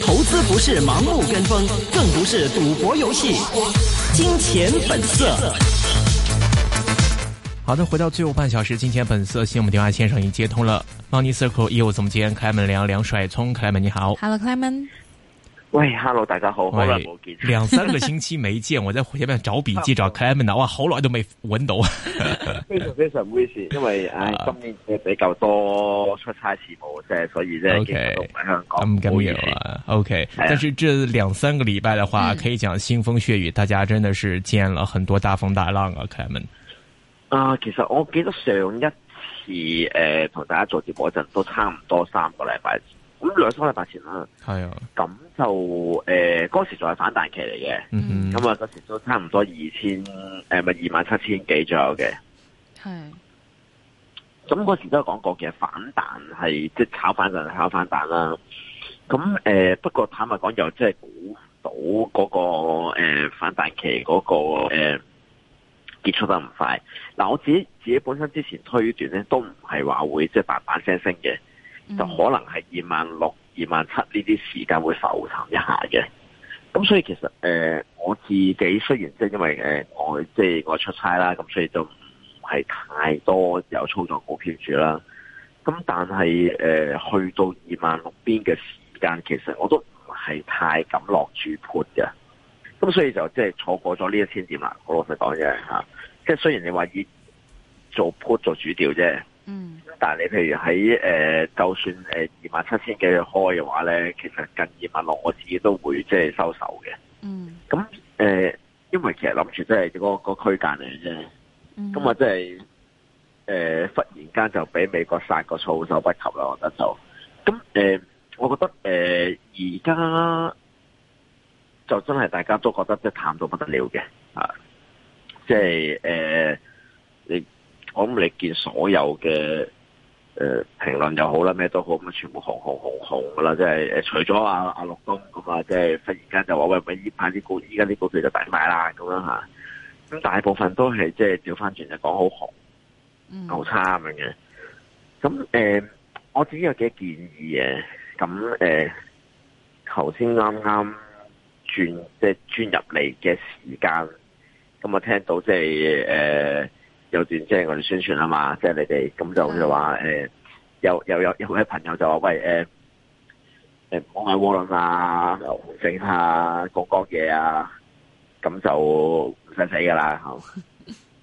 投資不是盲目跟風，更不是賭博遊戲。金錢本色。好的，回到最後半小時，金錢本色，新木電話先生已經接通了。Money Circle 業務總監克萊門梁梁帥聰，克萊門你好。Hello，克萊門。Clement 喂，hello，大家好，好耐冇見，兩三個星期沒見， 我在前面找筆記， 找 Cameron 啊，哇，好耐都未揾到， 非常非常唔好意思，因為唉、哎，今年比較多出差事務啫、啊，所以咧基本都唔喺香港，冇樣啦，OK，, well, okay 但是這兩三個禮拜的話，啊、可以講腥風血雨、嗯，大家真的是見了很多大風大浪啊 Cameron 啊，其實我記得上一次誒同、呃、大家做節目嗰陣，都差唔多三個禮拜。咁兩三個禮拜前啦，係啊，咁就誒嗰時仲係反彈期嚟嘅，咁啊嗰時都差唔多二千誒，唔、呃、二萬七千幾左右嘅，係。咁嗰時都講過，其實反彈係即係炒反彈，炒反彈啦。咁誒、呃，不過坦白講，又即係估到嗰、那個誒、呃、反彈期嗰、那個誒、呃、結束得唔快。嗱、呃，我自己自己本身之前推斷咧，都唔係話會即係大把聲升嘅。就可能係二萬六、二萬七呢啲時間會浮沉一下嘅，咁所以其實誒、呃、我自己雖然即係因為誒我即係、就是、我出差啦，咁所以就唔係太多有操作股票住啦。咁但係誒去到二萬六邊嘅時間，其實我都唔係太敢落住 put 嘅。咁所以就即係錯過咗呢一千點啦。我老實講嘅吓，即係雖然你話以做 put 做主調啫。嗯，但係你譬如喺誒、呃，就算誒二萬七千幾去開嘅話咧，其實近二萬六，我自己都會即係收手嘅。嗯，咁誒、呃，因為其實諗住都係嗰個個區間嚟嘅啫。咁、嗯、我即係誒，忽然間就俾美國殺個措手不及啦，我覺得就咁誒、呃，我覺得誒，而、呃、家就真係大家都覺得即係淡到不得了嘅啊，即係誒。呃我諗你見所有嘅誒評論又好啦，咩都好咁，全部紅紅紅紅噶啦，即係誒，除咗阿阿陸東咁啊，即、啊、係、就是、忽然間就話喂唔係呢排啲股，依家啲股票就抵買啦咁樣吓，咁大部分都係即係照翻轉就講、是、好紅，好差咁嘅。咁誒、呃，我自己有幾建議嘅，咁誒，頭先啱啱轉即係轉入嚟嘅時間，咁啊聽到即係誒。就是呃有段即係我哋宣傳啊嘛，即、就、係、是、你哋咁就就話誒，又、欸、又有有位朋友就話喂誒，誒唔好買窩輪啊，整下國國嘢啊，咁就唔使死噶啦，誒、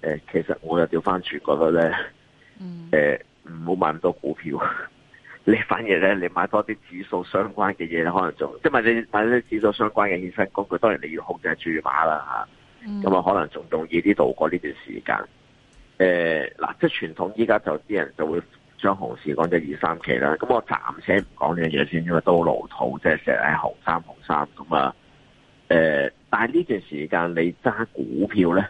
欸，其實我又調翻轉覺得咧，誒唔好買咁多股票， 你反而咧你買多啲指數相關嘅嘢咧，可能仲即係你啲買啲指數相關嘅衍生工具，當然你要控制住碼啦吓，咁 啊、嗯、可能仲容易啲度過呢段時間。誒，嗱，即係傳統，依家就啲人就會將熊市講咗二三期啦。咁我暫且唔講呢樣嘢先，因為都老土，即係成日係熊三熊三咁啊。誒、呃，但係呢段時間你揸股票咧，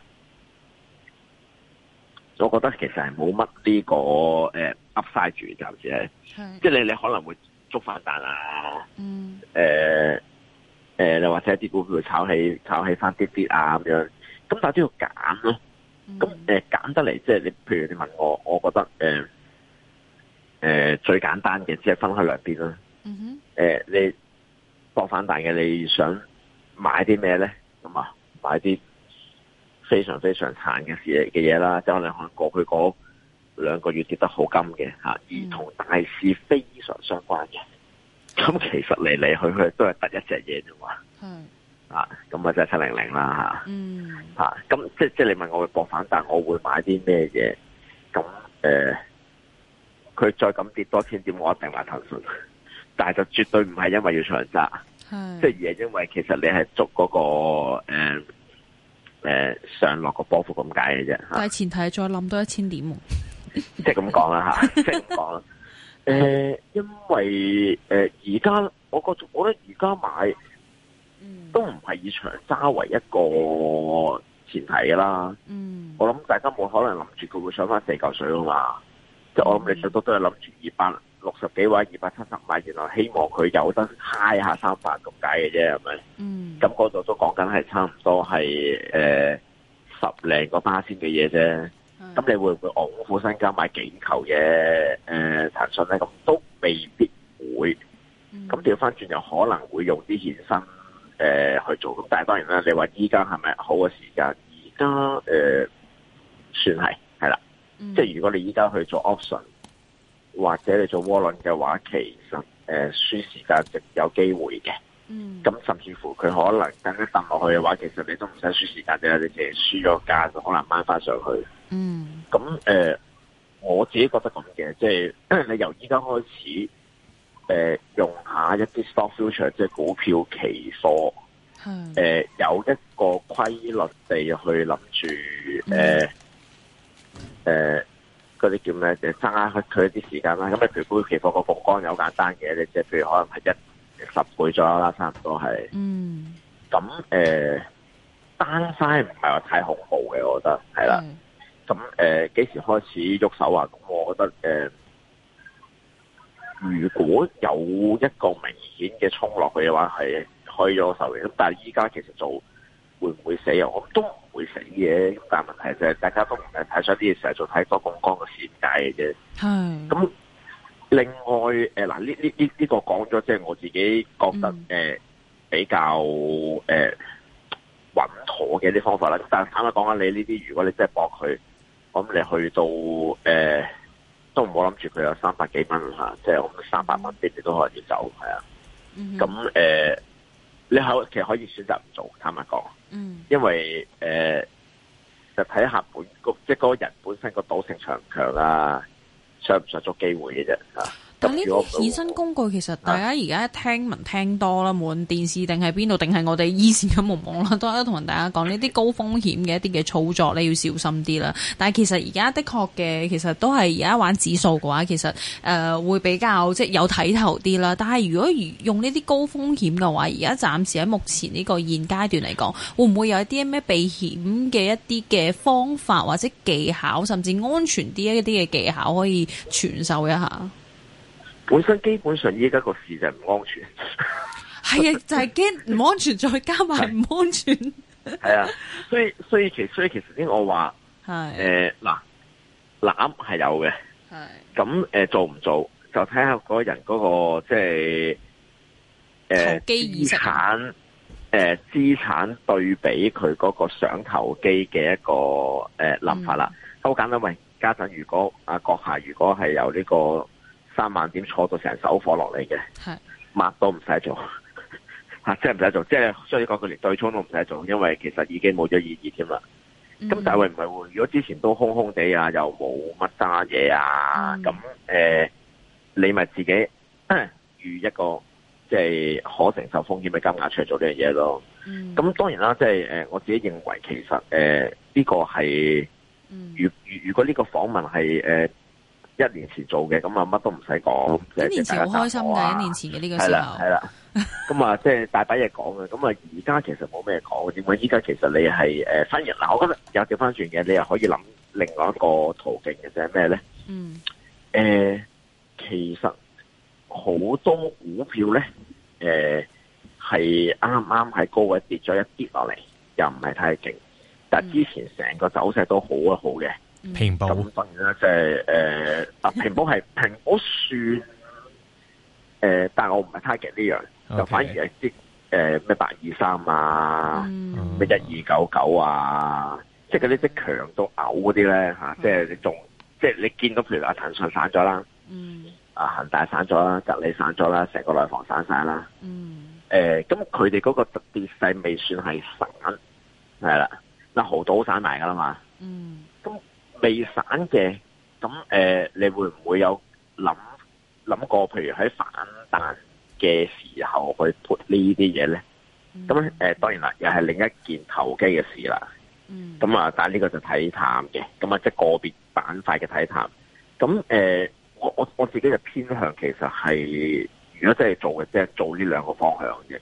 我覺得其實係冇乜呢個誒 Upside 住，暫時係，即係你你可能會捉反彈啊，嗯，誒、呃，誒、呃，你或者啲股票炒起炒起翻啲啲啊咁樣，咁但係都要揀咯，啊。咁、mm、誒 -hmm.，揀得嚟即係你，譬如你問我，我覺得誒誒、呃呃、最簡單嘅，只係分開兩邊啦。誒、mm -hmm. 呃，你博反彈嘅，你想買啲咩咧？咁啊，買啲非常非常殘嘅事嘅嘢啦。即、就、係、是、我哋可能過去嗰兩個月跌得好深嘅吓、啊，而同大市非常相關嘅。咁、mm -hmm. 其實嚟嚟去去都係得一隻嘢啫嘛。Mm -hmm. 啊，咁啊就七零零啦吓，咁、嗯啊、即即係你問我會博反彈，但我會買啲咩嘢？咁誒，佢、呃、再咁跌多一千點，我一定買騰訊，但係就絕對唔係因為要長揸，即係而係因為其實你係捉嗰個誒誒、呃呃、上落個波幅咁解嘅啫。但係前提係再冧多一千點、 啊，即係咁講啦吓，即係咁講。誒， 因為誒而家，我覺我覺得而家買。都唔係以長揸為一個前提噶啦，嗯、我諗大家冇可能諗住佢會上翻四嚿水噶嘛，即、嗯、係我諗你最多都係諗住二百六十幾蚊、二百七十五蚊，原來希望佢有得 high 下三百咁解嘅啫，係咪？咁嗰度都講緊係差唔多係誒、呃、十零個巴仙嘅嘢啫，咁你會唔會卧虎身家買幾球嘅？誒、呃、騰訊咧咁都未必會，咁掉翻轉又可能會用啲衍生。誒、呃，去做咁，但係當然啦，你話依家係咪好嘅時間？而家誒，算係係啦，即係如果你依家去做 option 或者你做窩輪嘅話，其實誒輸、呃、時間值有機會嘅。嗯，咁甚至乎佢可能等一抌落去嘅話，其實你都唔使輸時間值嘅，你淨係輸咗價就可能掹翻上去。嗯，咁誒、呃，我自己覺得咁嘅，即係你由依家開始。誒、呃，用一下一啲 stock future，即係股票期貨，誒、呃，有一個規律地去諗住，誒、呃，誒、mm. 呃，嗰啲叫咩？就揸佢一啲時間啦。咁啊，股票期貨個曝光有簡單嘅，你即係譬如可能係一十倍左右啦，差唔多係。嗯、mm.。咁、呃、誒，單身唔係話太恐怖嘅，我覺得係啦。咁誒，幾、呃、時開始喐手啊？咁我覺得誒。呃如果有一個明顯嘅衝落去嘅話，係開咗受命。咁但係依家其實做會唔會死啊？我都唔會死嘅。咁但問題就係大家都唔係太想啲嘢，成日做睇咁光嘅線界嘅啫。係。咁另外誒嗱，呢呢呢呢個講咗，即係我自己覺得誒、嗯呃、比較誒穩妥嘅一啲方法啦。但係坦白講啊，你呢啲如果你真係搏佢，咁你去到誒。呃都唔好諗住佢有三百幾蚊吓，即係我三百蚊啲，你都可以走，係啊。咁、mm、誒 -hmm. 呃，你可其實可以選擇唔做，坦白講。嗯、mm -hmm.。因為誒、呃，就睇下本局即係嗰人本身個賭性強唔強啊，想唔想捉機會嘅啫吓。呢啲衍生工具其實大家而家聽聞聽多啦、啊，無論電視定係邊度，定係我哋以前咁金融網啦，都一同大家講呢啲高風險嘅一啲嘅操作，咧要小心啲啦。但係其實而家的確嘅，其實都係而家玩指數嘅話，其實誒、呃、會比較即係有睇頭啲啦。但係如果用呢啲高風險嘅話，而家暫時喺目前呢個現階段嚟講，會唔會有一啲咩避險嘅一啲嘅方法或者技巧，甚至安全啲一啲嘅技巧可以傳授一下？本身基本上依家個市就唔安全，係 啊，就係驚唔安全，再加埋唔安全。係啊，所以所以其所以其實先我話，係誒嗱，攬、呃、係有嘅，係咁誒做唔做就睇下、個人嗰個即係誒資產，誒、呃、資產對比佢嗰個，上投機個、呃、想投機嘅一個誒諗、呃、法啦。好、嗯、簡單，喂，家陣如果阿閣下如果係有呢、這個。三萬點坐到成手貨落嚟嘅，乜都唔使做，吓，即係唔使做，即係所以講佢連對沖都唔使做，因為其實已經冇咗意義添啦。咁、mm -hmm. 但係唔係，如果之前都空空地啊，又冇乜渣嘢啊，咁、呃、誒，你咪自己預、呃、一個即係、就是、可承受風險嘅金額出嚟做呢樣嘢咯。咁、mm -hmm. 當然啦，即係誒，我自己認為其實誒呢、呃這個係如如如果呢個訪問係誒。呃一年前做嘅，咁啊乜都唔使講。一年前好開心噶、啊，一年前嘅呢個時候係啦係啦，咁啊即係大把嘢講嘅，咁啊而家其實冇咩講，點解？而家其實你係誒，新人嗱，我今日有調翻轉嘅，你又可以諗另外一個途徑嘅，即係咩咧？嗯，誒、呃，其實好多股票咧，誒係啱啱喺高位跌咗一跌落嚟，又唔係太勁、嗯，但係之前成個走勢都好啊好嘅。平保咁樣咧，即係誒，平保係平保算，但我唔係 target 呢樣，okay. 就反而係啲誒咩八二三啊，咩一二九九啊，即係嗰啲即強到嘔嗰啲咧吓，即係你仲即係你見到，譬如阿騰訊散咗啦、嗯，啊恒大散咗啦，格力散咗啦，成個內房散晒啦，誒、嗯，咁佢哋嗰個跌勢未算係散，係、嗯、啦，嗱好多都散埋噶啦嘛。未散嘅，咁誒，你會唔會有諗諗過？譬如喺反彈嘅時候去 put 呢啲嘢咧？咁、嗯、誒、呃嗯，當然啦，又係另一件投機嘅事啦。咁、嗯、啊，但係呢個就睇淡嘅，咁啊，即係個別板塊嘅睇淡。咁誒、呃，我我我自己就偏向，其實係如果真係做嘅，即、就、係、是、做呢兩個方向嘅。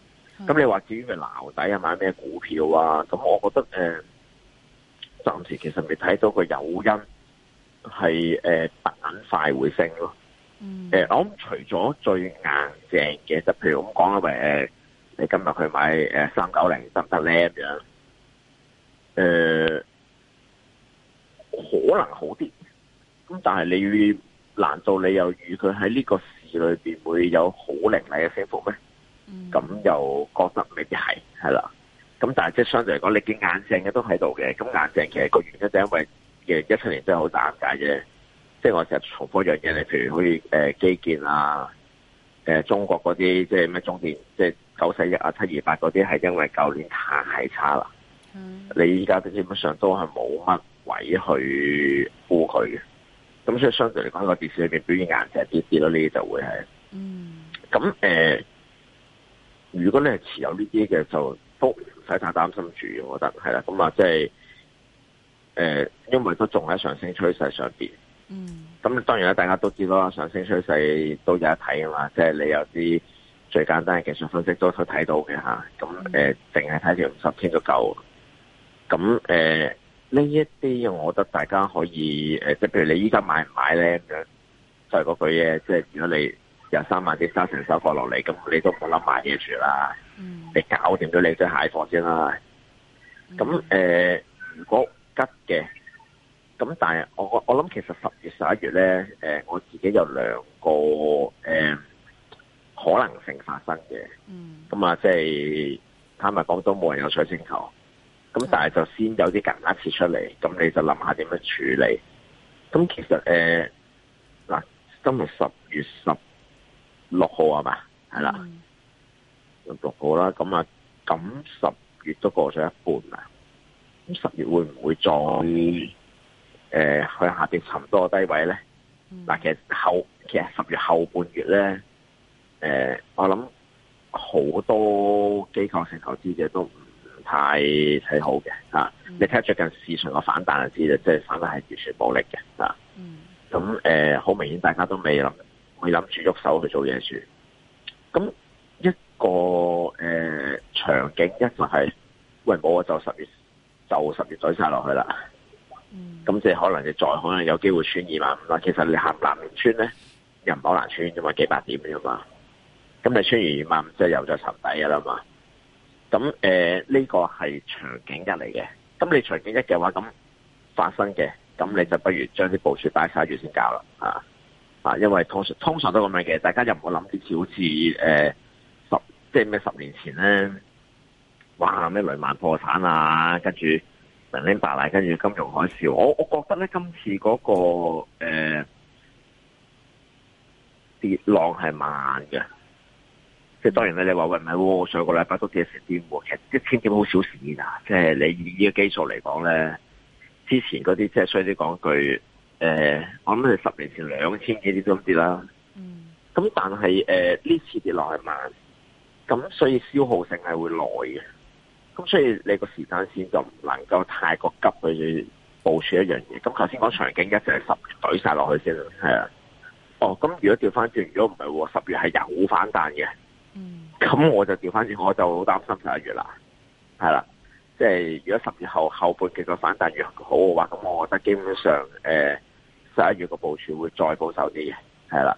咁、嗯、你話至於佢撈底啊，買咩股票啊？咁我覺得誒。嗯呃暫時其實未睇到個誘因係誒板塊會升咯，誒我諗除咗最硬淨嘅，就譬如我咁講啊，喂誒你今日去買誒三九零得唔得咧咁樣？誒可能好啲，咁但係你難道，你又預佢喺呢個市裏邊會有好凌厲嘅升幅咩？咁又覺得未必係，係啦。咁但係即係相對嚟講，你嘅硬淨嘅都喺度嘅。咁硬淨其實個原因就因為嘅一七年真係好打唔解嘅。即係我成日重複一樣嘢你譬如好似誒基建啊，誒、呃、中國嗰啲即係咩中電，即係九四一啊七二八嗰啲，係因為舊年太差啦、嗯。你依家都基本上都係冇乜位去護佢嘅。咁所以相對嚟講，個電視裏邊表現硬淨跌跌咯，啲就會係。嗯。咁誒、呃，如果你係持有呢啲嘅就。都唔使太擔心住，我覺得係啦。咁啊，即係誒，因為都仲喺上升趨勢上邊。嗯。咁當然咧，大家都知咯，上升趨勢都有、就是、一睇啊嘛。即係你有啲最簡單嘅技術分析都可以睇到嘅嚇。咁、啊、誒，淨係睇條五十天就夠。咁誒，呢一啲我覺得大家可以誒，即、呃、係譬如你依家買唔買咧咁樣？就係、是、嗰句嘢，即、就、係、是、如果你有三萬啲三成收貨落嚟，咁你都冇諗買嘢住啦。嗯、你搞掂咗你隻蟹貨先啦，咁、嗯、誒、呃，如果吉嘅，咁但係我我我諗其實十月十一月咧，誒、呃，我自己有兩個誒、呃、可能性發生嘅，咁、嗯、啊，即係、就是、坦白講都冇人有水晶球，咁但係就先有啲夾硬砌出嚟，咁、嗯、你就諗下點樣處理，咁其實誒，嗱、呃，今日十月十六號啊嘛，係啦。嗯有六個啦，咁啊，咁十月都過咗一半啦。咁十月會唔會再誒、呃、去下跌尋多低位咧？嗱、嗯，其實後其實十月後半月咧，誒、呃，我諗好多機構性投資者都唔太睇好嘅吓，啊嗯。你睇下最近市場嘅反彈就知啦，即、就、係、是、反彈係完全冇力嘅吓。咁、啊、誒，好、啊嗯嗯呃、明顯大家都未諗，未諗住喐手去做嘢住。咁、啊嗯那個誒、呃、場景一就係、是、喂，冇我就十月就十月懟晒落去啦，咁即係可能你再可能有機會穿二萬五啦。其實你行南面村咧，又唔可能穿啫嘛，幾百點啫嘛。咁你穿完二萬五即係又再沉底噶啦嘛。咁誒呢個係場景一嚟嘅。咁你場景一嘅話，咁發生嘅，咁你就不如將啲部署擺晒住先搞啦啊啊，因為通常通常都咁樣嘅，大家又唔好諗啲小事誒。呃即係咩？十年前咧，哇咩雷曼破產啊，跟住零零八難，跟住金融海嘯。我我覺得咧，今次嗰個呃跌浪係慢嘅。即係當然咧，你話喂唔係上個禮拜都跌成千喎，其實一千點好少事啊。即係你以呢個基礎嚟講咧，之前嗰啲即係衰啲講句誒，我諗係十年前兩千幾啲都跌啦。咁但係呢次跌浪係慢。咁所以消耗性係會耐嘅，咁所以你個時間線就唔能夠太過急去部署一樣嘢。咁頭先講場景一直係十懟晒落去先，係啊。哦，咁如果調翻轉，如果唔係十月係有反彈嘅，咁、嗯、我就調翻轉，我就好擔心十一月啦。係啦，即係如果十月後後半幾個反彈越好嘅話，咁我覺得基本上誒十一月個部署會再保守啲嘅。係啦，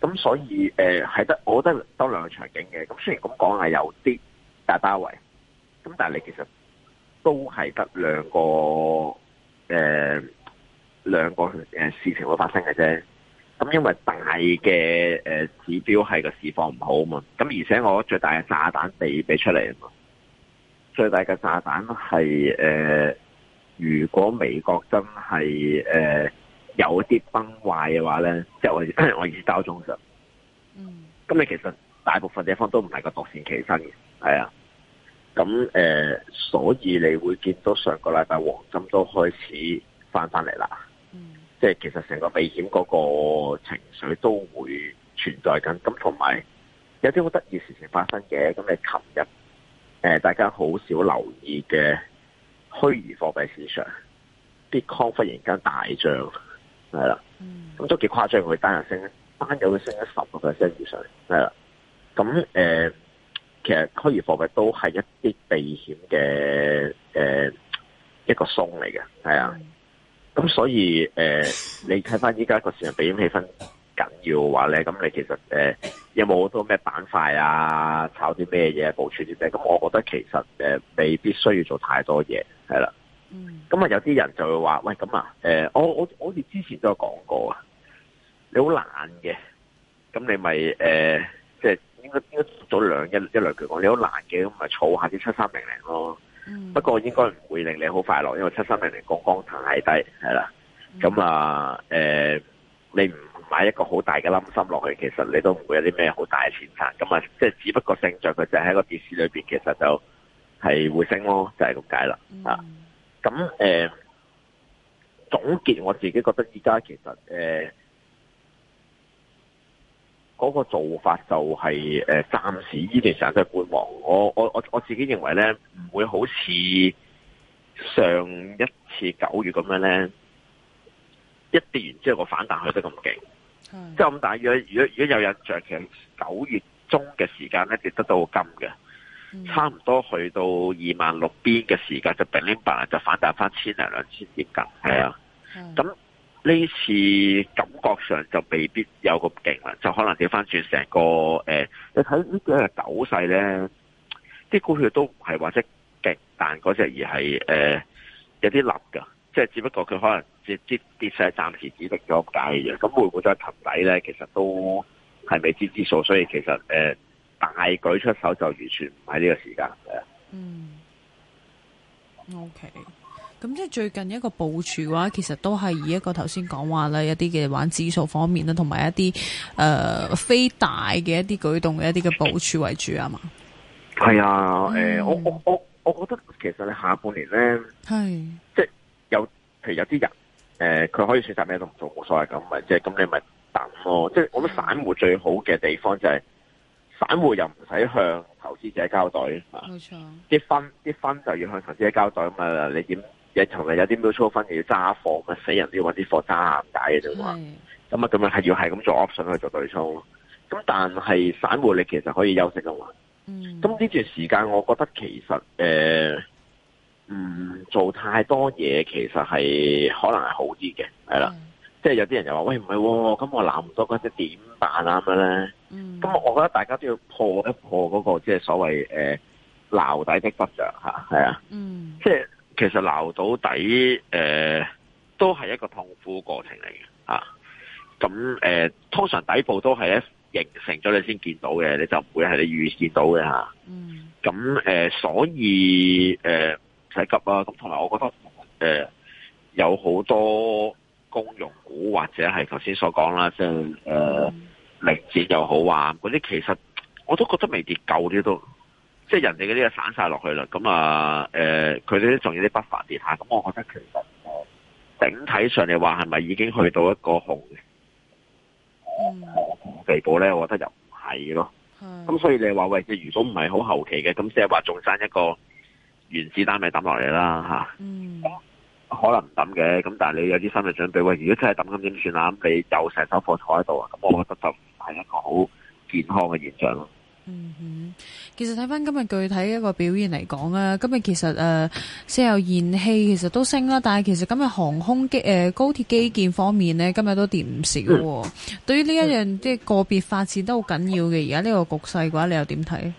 咁所以誒，係得，我覺得得兩個場景嘅。咁雖然咁講係有啲大包圍，咁但係你其實都係得兩個誒，兩、呃、個誒事情會發生嘅啫。咁因為大嘅誒指標係個市況唔好啊嘛，咁而且我覺得最大嘅炸彈未俾出嚟啊嘛，最大嘅炸彈係誒，如果美國真係誒。呃有啲崩壞嘅話咧，即、就、係、是、我 我意思，中上。嗯。咁你其實大部分地方都唔係個獨善其身嘅，係啊。咁誒、呃，所以你會見到上個禮拜黃金都開始翻翻嚟啦。嗯。即係其實成個避險嗰個情緒都會存在緊，咁同埋有啲好得意事情發生嘅。咁你琴日大家好少留意嘅虛擬貨幣市場啲 i 忽然間大漲。係啦，咁都幾誇張，佢單日升咧，單日會升咗十個 percent 以上，係啦。咁誒、呃，其實虛擬貨幣都係一啲避險嘅誒一個松嚟嘅，係啊。咁所以誒、呃，你睇翻而家個市場避險氣氛緊要嘅話咧，咁你其實誒、呃、有冇好多咩板塊啊，炒啲咩嘢部署啲咩？咁我覺得其實誒、呃，未必需要做太多嘢，係啦。咁、嗯、啊，有啲人就會話：喂，咁啊，誒、欸，我我我哋之前都有講過啊，你好懶嘅，咁你咪誒，即、欸、係、就是、應該應該做兩一一類嘅講，你好懶嘅，咁咪儲下啲七三零零咯、嗯。不過應該唔會令你好快樂，因為七三零零槓桿太低，係啦。咁啊，誒、欸，你唔買一個好大嘅冧心落去，其實你都唔會有啲咩好大嘅錢賺。咁啊，即、就、係、是、只不過勝在佢就喺個跌市裏邊，其實就係會升咯，就係咁解啦，啊。咁誒、呃、總結，我自己覺得依家其實誒、呃嗰個做法就係誒暫時呢段時間都係觀望。我我我我自己認為咧，唔會好似上一次九月咁樣咧，一跌完之後個反彈去得咁勁。即係咁大約，如果如果有印象其實九月中嘅時間咧跌得到金嘅。嗯、差唔多去到二萬六邊嘅時間就 bling bling，就反彈翻千零兩千點。近係啊。咁呢次感覺上就未必有咁勁啦，就可能掉翻轉成個誒、呃，你睇呢個嘅走勢咧，啲股票都唔係話即係極但嗰隻，而係誒有啲立噶，即係只不過佢可能跌跌跌勢暫時止跌咗，咁解嘅。咁會唔會再擒底咧？其實都係未知之數，所以其實誒。呃大舉出手就完全唔喺呢個時間，係嗯。O K，咁即係最近一個部署嘅話，其實都係以一個頭先講話呢一啲嘅玩指數方面啦，同埋一啲誒非大嘅一啲舉動嘅一啲嘅部署為主啊嘛。係啊，誒，我我我我覺得其實你下半年咧，係，即係有，譬如有啲人，誒，佢可以選擇咩都唔做，冇所謂咁咪，即係咁你咪等咯。即係我覺得散戶最好嘅地方就係。散戶又唔使向投資者交代，冇錯，啲分啲分就要向投資者交代啊嘛。你點你從來有啲 new a l 分要揸貨死人要搵啲貨揸解嘅啫嘛。咁啊，咁係要係咁做 option 去做對沖咯。咁但係散戶你其實可以休息啊嘛。咁、嗯、呢段時間我覺得其實誒，唔、呃、做太多嘢，其實係可能係好啲嘅，係啦。即係有啲人又話喂唔係，咁、哦、我撈唔到嗰隻點辦咁樣咧？咁、mm. 我覺得大家都要破一破嗰、那個即係所謂誒撈底的不着吓，係啊，mm. 即係其實撈到底誒、呃、都係一個痛苦過程嚟嘅吓。咁、啊、誒、呃，通常底部都係咧形成咗你先見到嘅，你就唔會係你預見到嘅吓。咁、啊、誒、mm. 呃，所以誒，唔、呃、使急啊。咁同埋，我覺得誒、呃、有好多。公用股或者係頭先所講啦，即係誒逆跌又好啊，嗰啲其實我都覺得未跌夠啲都，即係人哋嗰啲啊散晒落去啦，咁啊誒佢啲仲有啲不凡跌下，咁我覺得其實整、呃、體上你話係咪已經去到一個熊嘅、mm. 地步咧？我覺得又唔係咯，咁、mm. 所以你話喂，如果唔係好後期嘅，咁即係話仲爭一個原子單咪抌落嚟啦吓。Mm. 可能唔抌嘅，咁但係你有啲心理準備。喂，如果真係抌咁點算啊？咁你有成手貨坐喺度啊？咁我覺得就唔係一個好健康嘅現象咯。嗯哼，其實睇翻今日具體一個表現嚟講咧，今日其實誒石油燃氣其實都升啦，但係其實今日航空機誒、呃、高鐵基建方面呢，今日都跌唔少。嗯。對於呢一樣即係個別發展都好緊要嘅，而家呢個局勢嘅話，你又點睇？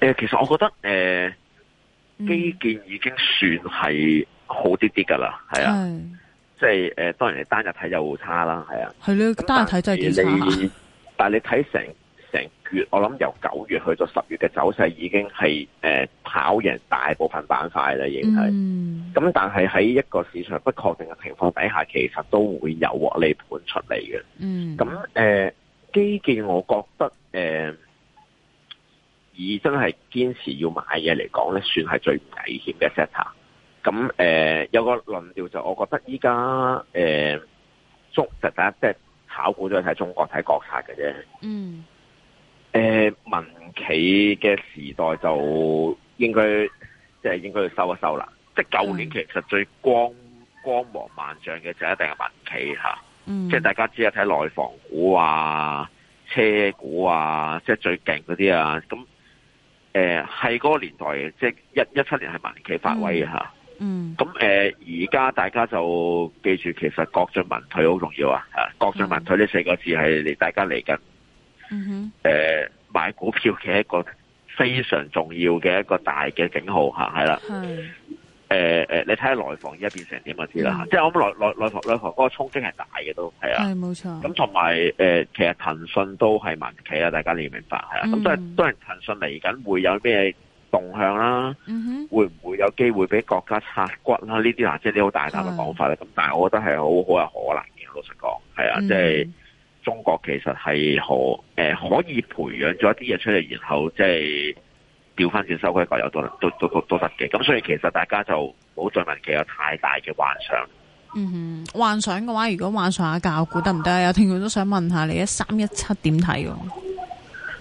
呃，其實我覺得誒。呃嗯、基建已經算係好啲啲噶啦，係啊，是即係誒、呃，當然你單日睇就好差啦，係啊。係咯，單日睇真係幾差。但係你睇成成月，我諗由九月去到十月嘅走勢，已經係誒、呃、跑贏大部分板塊啦，已經係。咁、嗯、但係喺一個市場不確定嘅情況底下，其實都會有獲利盤出嚟嘅。嗯。咁、嗯、誒、嗯嗯嗯，基建我覺得誒。呃以真係堅持要買嘢嚟講咧，算係最危險嘅 set up。咁誒、呃、有個論調就是，我覺得依、呃、家誒中，第一即係炒股都係睇中國睇國產嘅啫。嗯。誒、呃、民企嘅時代就應該即係、就是、應該要收一收啦。即係舊年其實最光光芒萬丈嘅就一定係民企嚇。即、嗯、係、就是、大家知一睇內房股啊、車股啊，即、就、係、是、最勁嗰啲啊，咁。誒、呃，係嗰個年代嘅，即係一一七年係民企發威嘅吓。嗯。咁、啊、誒，而、呃、家大家就記住，其實國進民退好重要啊吓，國進民退呢四個字係嚟大家嚟緊。嗯哼。誒、呃，買股票嘅一個非常重要嘅一個大嘅警號吓，係、啊、啦。係。你睇下內房而家變成點咪知啦，即係我諗內內房內房嗰個衝擊係大嘅都係啊，冇錯。咁同埋其實騰訊都係民企啊，大家你要明白係啊。咁當然騰訊嚟緊會有咩動向啦，mm -hmm. 會唔會有機會俾國家拆骨啦？呢啲啊，即係啲好大膽嘅講法咧。咁但係我覺得係好好有可能嘅，老實講係呀。即係、啊 mm -hmm. 中國其實係好、呃，可以培養咗一啲嘢出嚟，然後即係。調翻轉收歸國有都都都都得嘅，咁所以其實大家就唔好再問佢有太大嘅幻想。嗯哼，幻想嘅話，如果幻想下教育股得唔得啊？有聽眾都想問下你一三一七點睇喎？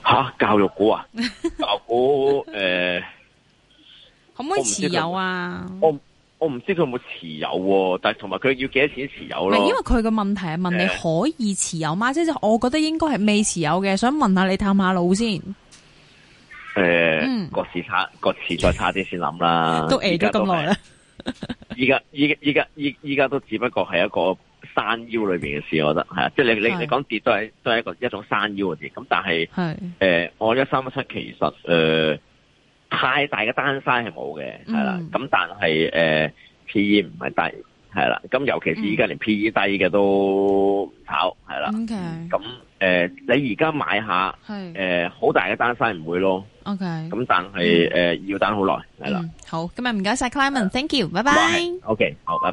吓，教育股啊？ 教育股誒，可唔可以持有啊？我我唔知佢有冇持有，啊，但係同埋佢要幾多錢持有咯，啊？因為佢嘅問題係問你可以持有嗎？即，呃，係我覺得應該係未持有嘅，想問下你探下路先。誒、呃嗯，個市差，個市再差啲先諗啦。 都捱咗咁耐啦。依家依依依依依家都只不過係一個山腰裏邊嘅事，我覺得係啊，即係、就是、你是你你講跌都係都係一個一種山腰嘅事。咁但係誒、呃，我一三一七其實誒、呃、太大嘅單衰係冇嘅，係啦。咁、嗯、但係誒 P E 唔係低，係啦。咁尤其是依家連 P E 低嘅都唔炒，係啦。咁、嗯、誒、嗯嗯呃，你而家買一下，誒好、呃、大嘅單衰唔會咯。O K，咁但係誒要等好耐係啦。好，今日唔該晒 Clayman，Thank you，拜拜。O K，好，拜拜。